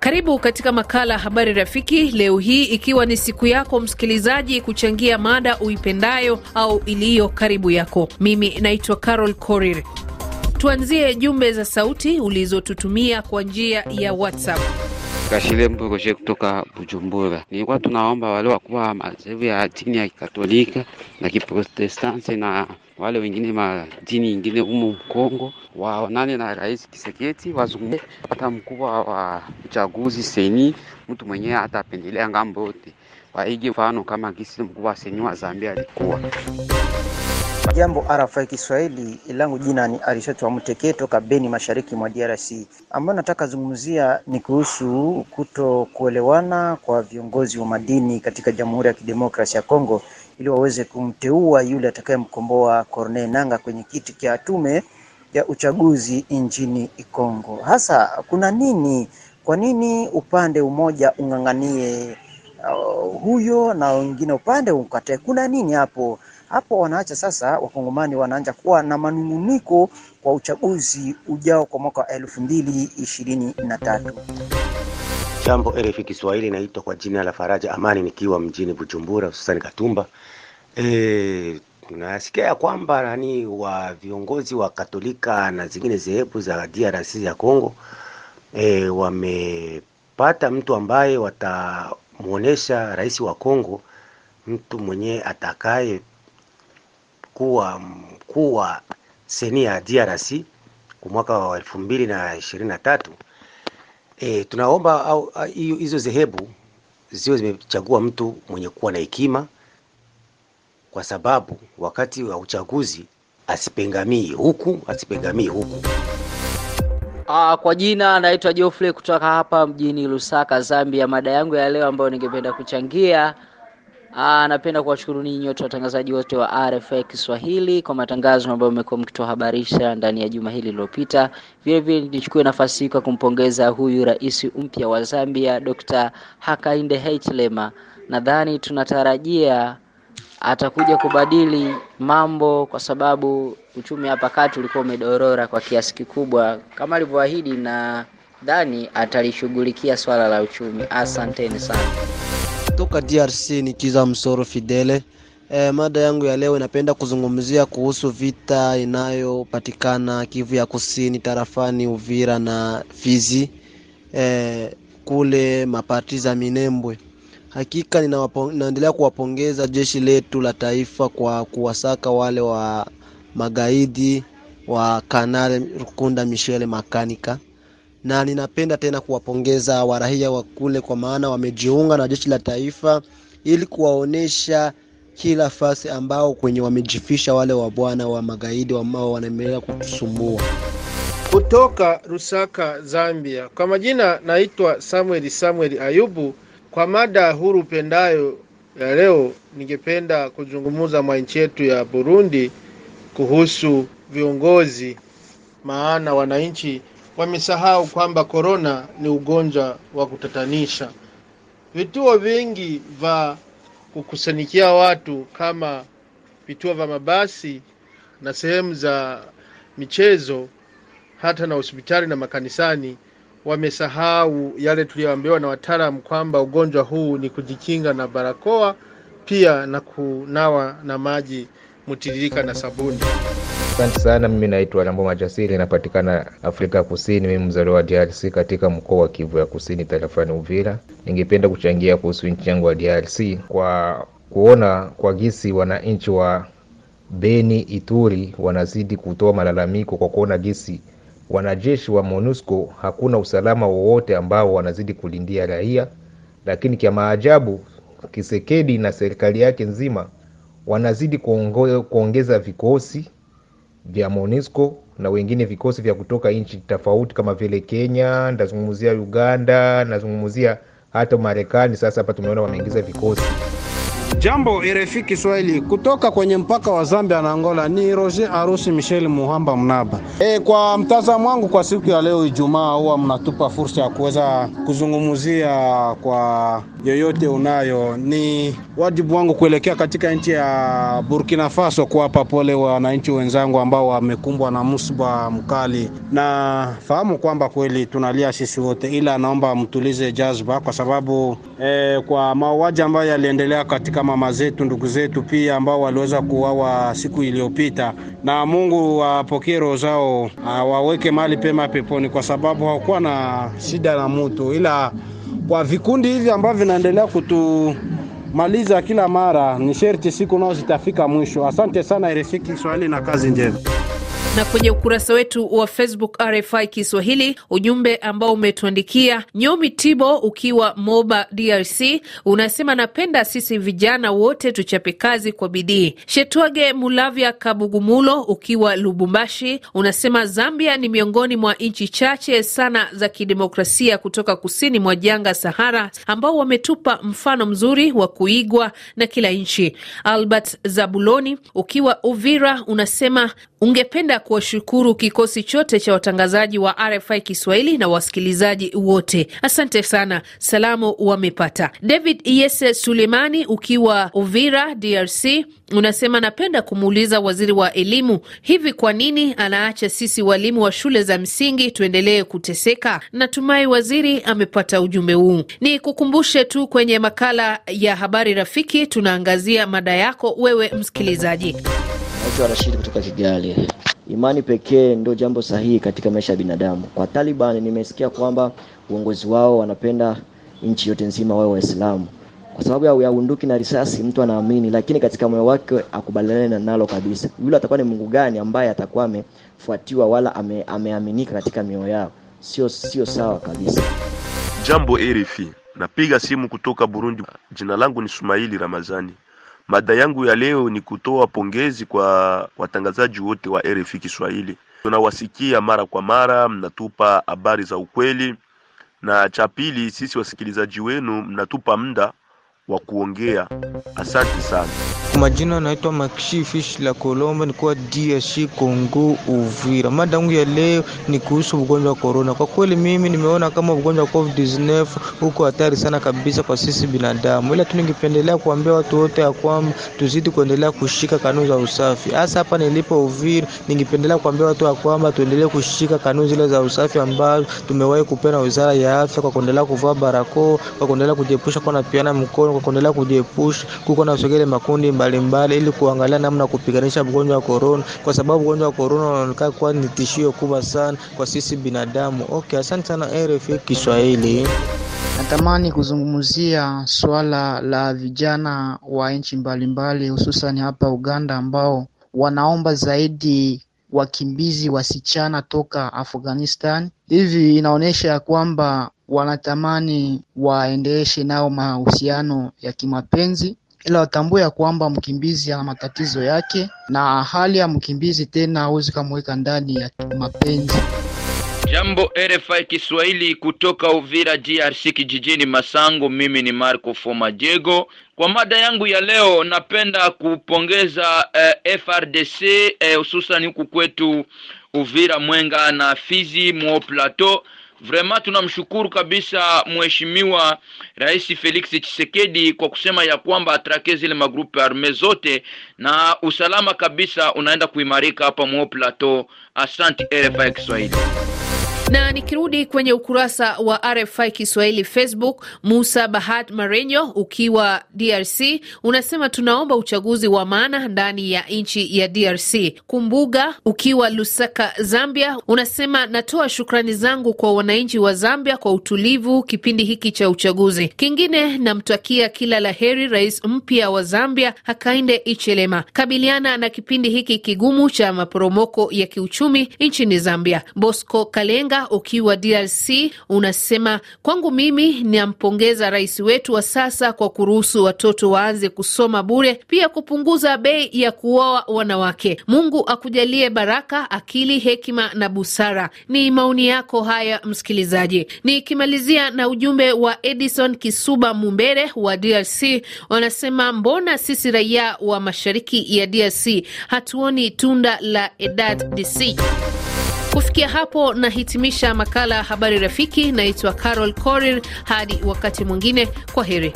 Karibu katika makala Habari Rafiki leo hii, ikiwa ni siku yako msikilizaji kuchangia mada uipendayo au iliyo karibu yako. Mimi naitwa Carol Korir. Tuanzie jumbe za sauti ulizotutumia kwa njia ya WhatsApp. Kashilembwe Roje kutoka Bujumbura. Nilikuwa tunaomba wale wakuwa madhehebu ya dini ya Katolika na Kiprotestanti na wale wengine madini ingine humo Mkongo waonane na Rais Kiseketi, wazungumze hata mkubwa wa uchaguzi seni, mtu mwenyewe atapendelea ngambo yote, waige mfano kama gisi mkubwa seni wa Zambia alikuwa Jambo RFI Kiswahili langu jina ni Arishat wa Mteke toka Beni, mashariki mwa DRC. Ambayo nataka zungumzia ni kuhusu kuto kuelewana kwa viongozi wa madini katika Jamhuri ya Kidemokrasia ya Kongo ili waweze kumteua yule atakayemkomboa Corne Nanga kwenye kiti cha tume ya uchaguzi nchini Kongo. Hasa kuna nini? Kwa nini upande umoja ung'ang'anie uh, huyo na wengine upande ukatae? Kuna nini hapo? Hapo wanaacha sasa, wakongomani wanaanza kuwa na manunguniko kwa uchaguzi ujao kwa mwaka wa elfu mbili ishirini na tatu. Jambo RFI Kiswahili, naitwa kwa jina la Faraja Amani nikiwa mjini Bujumbura, hususani Katumba. E, ya kwamba nani wa viongozi wa Katolika na zingine zehebu za DRC ya Congo e, wamepata mtu ambaye watamwonyesha rais wa Congo mtu mwenye atakaye kuwa mkuu wa seni ya DRC kwa mwaka wa elfu mbili na ishirini na tatu e, tunaomba au hizo zehebu ziwe zimechagua mtu mwenye kuwa na hekima, kwa sababu wakati wa uchaguzi asipengamii huku asipengamii huku. Aa, kwa jina anaitwa Geoffrey kutoka hapa mjini Lusaka, Zambia. Mada yangu ya leo ambayo ningependa kuchangia Aa, ah, napenda kuwashukuru ninyi wote watangazaji wote wa RFA Kiswahili kwa matangazo ambayo mmekuwa mkitoa mkituhabarisha ndani ya juma hili lililopita. Vile vile nichukue nafasi hii kwa kumpongeza huyu rais mpya wa Zambia Dr. Hakainde Hichilema. Nadhani tunatarajia atakuja kubadili mambo kwa sababu uchumi hapa kati ulikuwa umedorora kwa kiasi kikubwa kama alivyoahidi, na dhani atalishughulikia swala la uchumi. Asanteni sana. Toka DRC ni Kiza Msoro Fidele. E, mada yangu ya leo inapenda kuzungumzia kuhusu vita inayopatikana Kivu ya Kusini tarafani Uvira na Fizi e, kule mapati za Minembwe. Hakika ninaendelea kuwapongeza jeshi letu la taifa kwa kuwasaka wale wa magaidi wa Kanali Rukunda Michele Makanika na ninapenda tena kuwapongeza warahia wa kule, kwa maana wamejiunga na jeshi la taifa ili kuwaonesha kila fasi ambao kwenye wamejifisha wale wa bwana wa magaidi ambao wanaendelea kutusumbua. Kutoka Rusaka, Zambia. Kwa majina naitwa Samuel Samuel Ayubu. Kwa mada huru pendayo ya leo, ningependa kuzungumza mwa nchi yetu ya Burundi kuhusu viongozi, maana wananchi wamesahau kwamba korona ni ugonjwa wa kutatanisha. Vituo vingi vya kukusanikia watu kama vituo vya mabasi na sehemu za michezo, hata na hospitali na makanisani, wamesahau yale tuliyoambiwa na wataalamu kwamba ugonjwa huu ni kujikinga na barakoa, pia na kunawa na maji mtiririka na sabuni. Asante sana. Mimi naitwa Lambo Majasiri, inapatikana Afrika Kusini. Mimi mzaliwa wa DRC katika mkoa wa Kivu ya Kusini, tarafani Uvira. Ningependa kuchangia kuhusu nchi yangu wa DRC kwa kuona kwa gisi wananchi wa Beni, Ituri wanazidi kutoa malalamiko kwa kuona gisi wanajeshi wa MONUSCO hakuna usalama wowote ambao wanazidi kulindia raia, lakini kya maajabu Kisekedi na serikali yake nzima wanazidi kuongeza vikosi vya monisco na wengine vikosi vya kutoka nchi tofauti kama vile Kenya, ndazungumzia Uganda, nazungumzia hata Marekani. Sasa hapa tumeona wameingiza vikosi Jambo RFI Kiswahili kutoka kwenye mpaka wa Zambia na Angola, ni Roger Arusi Michel Muhamba Mnaba. E, kwa mtazamo wangu kwa siku ya leo Ijumaa, huwa mnatupa fursa ya kuweza kuzungumzia kwa yoyote unayo. Ni wajibu wangu kuelekea katika nchi ya Burkina Faso kuwapa pole wananchi wenzangu ambao wamekumbwa na msiba mkali, na fahamu kwamba kweli tunalia sisi wote, ila naomba mtulize jazba kwa sababu e, kwa mauaji ambayo yaliendelea katika mama zetu, ndugu zetu pia ambao waliweza kuwawa siku iliyopita, na Mungu wapokee roho zao, waweke mahali pema peponi, kwa sababu hawakuwa na shida na mtu, ila kwa vikundi hivi ambavyo vinaendelea kutumaliza kila mara, ni sherti siku nao zitafika mwisho. Asante sana RFI Kiswahili na kazi njema na kwenye ukurasa wetu wa Facebook RFI Kiswahili, ujumbe ambao umetuandikia Nyomi Tibo ukiwa Moba, DRC, unasema napenda sisi vijana wote tuchape kazi kwa bidii. Shetwage Mulavya Kabugumulo ukiwa Lubumbashi, unasema Zambia ni miongoni mwa nchi chache sana za kidemokrasia kutoka kusini mwa janga Sahara, ambao wametupa mfano mzuri wa kuigwa na kila nchi. Albert Zabuloni ukiwa Uvira unasema ungependa kuwashukuru kikosi chote cha watangazaji wa RFI Kiswahili na wasikilizaji wote, asante sana. Salamu wamepata David Yese Sulemani ukiwa Uvira, DRC, unasema napenda kumuuliza waziri wa elimu, hivi kwa nini anaacha sisi walimu wa shule za msingi tuendelee kuteseka? Natumai waziri amepata ujumbe huu. Ni kukumbushe tu kwenye makala ya habari rafiki tunaangazia mada yako wewe msikilizaji. Naitwa Rashid kutoka Kigali. Imani pekee ndio jambo sahihi katika maisha ya binadamu. Kwa Taliban nimesikia kwamba uongozi wao wanapenda nchi yote nzima wao Waislamu kwa sababu ya bunduki na risasi, mtu anaamini, lakini katika moyo wake akubaliane na nalo kabisa. Yule atakuwa ni Mungu gani ambaye atakuwa amefuatiwa wala ame, ameaminika katika mioyo yao? Sio, sio sawa kabisa. Jambo RFI, napiga simu kutoka Burundi. Jina langu ni Sumaili Ramazani. Mada yangu ya leo ni kutoa pongezi kwa watangazaji wote wa RFI Kiswahili. Tunawasikia mara kwa mara, mnatupa habari za ukweli, na cha pili, sisi wasikilizaji wenu mnatupa muda wa kuongea. Asante sana. majina naitwa Makishi Fish la Kolombo, nikuwa DRC Congo, Uvira. Mada ya leo ni kuhusu ugonjwa wa corona. Kwa kweli mimi nimeona kama ugonjwa wa COVID-19 huko hatari sana kabisa kwa sisi binadamu, ila tu ningependelea kuambia watu wote ya kwamba tuzidi kuendelea kushika kanuni za usafi, hasa hapa nilipo Uvira. Ningependelea kuambia watu ya kwamba tuendelee kushika kanuni zile za usafi ambazo tumewahi kupewa na Wizara ya Afya, kwa kuendelea kuvaa barakoa, kwa kuendelea kujiepusha kwa na piana mkono kuendelea kujiepusha kuko na sogele makundi mbalimbali, ili kuangalia namna kupiganisha mgonjwa wa korona, kwa sababu ugonjwa wa korona unaonekana kuwa ni tishio kubwa sana kwa sisi binadamu. Okay, asante sana RFI Kiswahili. Natamani kuzungumzia swala la vijana wa nchi mbalimbali hususan hapa Uganda ambao wanaomba zaidi wakimbizi wasichana toka Afghanistan. Hivi inaonyesha ya kwamba wanatamani waendeshe nao mahusiano ya kimapenzi, ila watambue ya kwamba mkimbizi ana matatizo yake, na hali ya mkimbizi tena hawezi kumweka ndani ya kimapenzi Jambo RFI Kiswahili kutoka Uvira DRC kijijini Masango. Mimi ni Marco Fomajego. Kwa mada yangu ya leo, napenda kupongeza eh, FRDC eh, hususan eh, huku kwetu Uvira, Mwenga na Fizi mo plateau Vraiment tunamshukuru kabisa mheshimiwa Rais Felix Tshisekedi kwa kusema ya kwamba atrake zile magrupu arme zote na usalama kabisa unaenda kuimarika hapa mo plateau. Asante RFI Kiswahili. Na nikirudi kwenye ukurasa wa RFI Kiswahili Facebook, Musa Bahat Marenyo ukiwa DRC unasema tunaomba uchaguzi wa maana ndani ya nchi ya DRC. Kumbuga ukiwa Lusaka, Zambia unasema natoa shukrani zangu kwa wananchi wa Zambia kwa utulivu kipindi hiki cha uchaguzi. Kingine namtakia kila la heri rais mpya wa Zambia Hakainde Ichelema. Kabiliana na kipindi hiki kigumu cha maporomoko ya kiuchumi nchini Zambia. Bosco Kalenga Mabula ukiwa DRC unasema, kwangu mimi nampongeza rais wetu wa sasa kwa kuruhusu watoto waanze kusoma bure, pia kupunguza bei ya kuoa wanawake. Mungu akujalie baraka, akili, hekima na busara. Ni maoni yako haya msikilizaji. Nikimalizia na ujumbe wa Edison Kisuba Mumbere wa DRC, wanasema mbona sisi raia wa mashariki ya DRC hatuoni tunda la DC. Kufikia hapo nahitimisha makala ya habari rafiki. Naitwa Carol Korir, hadi wakati mwingine, kwa heri.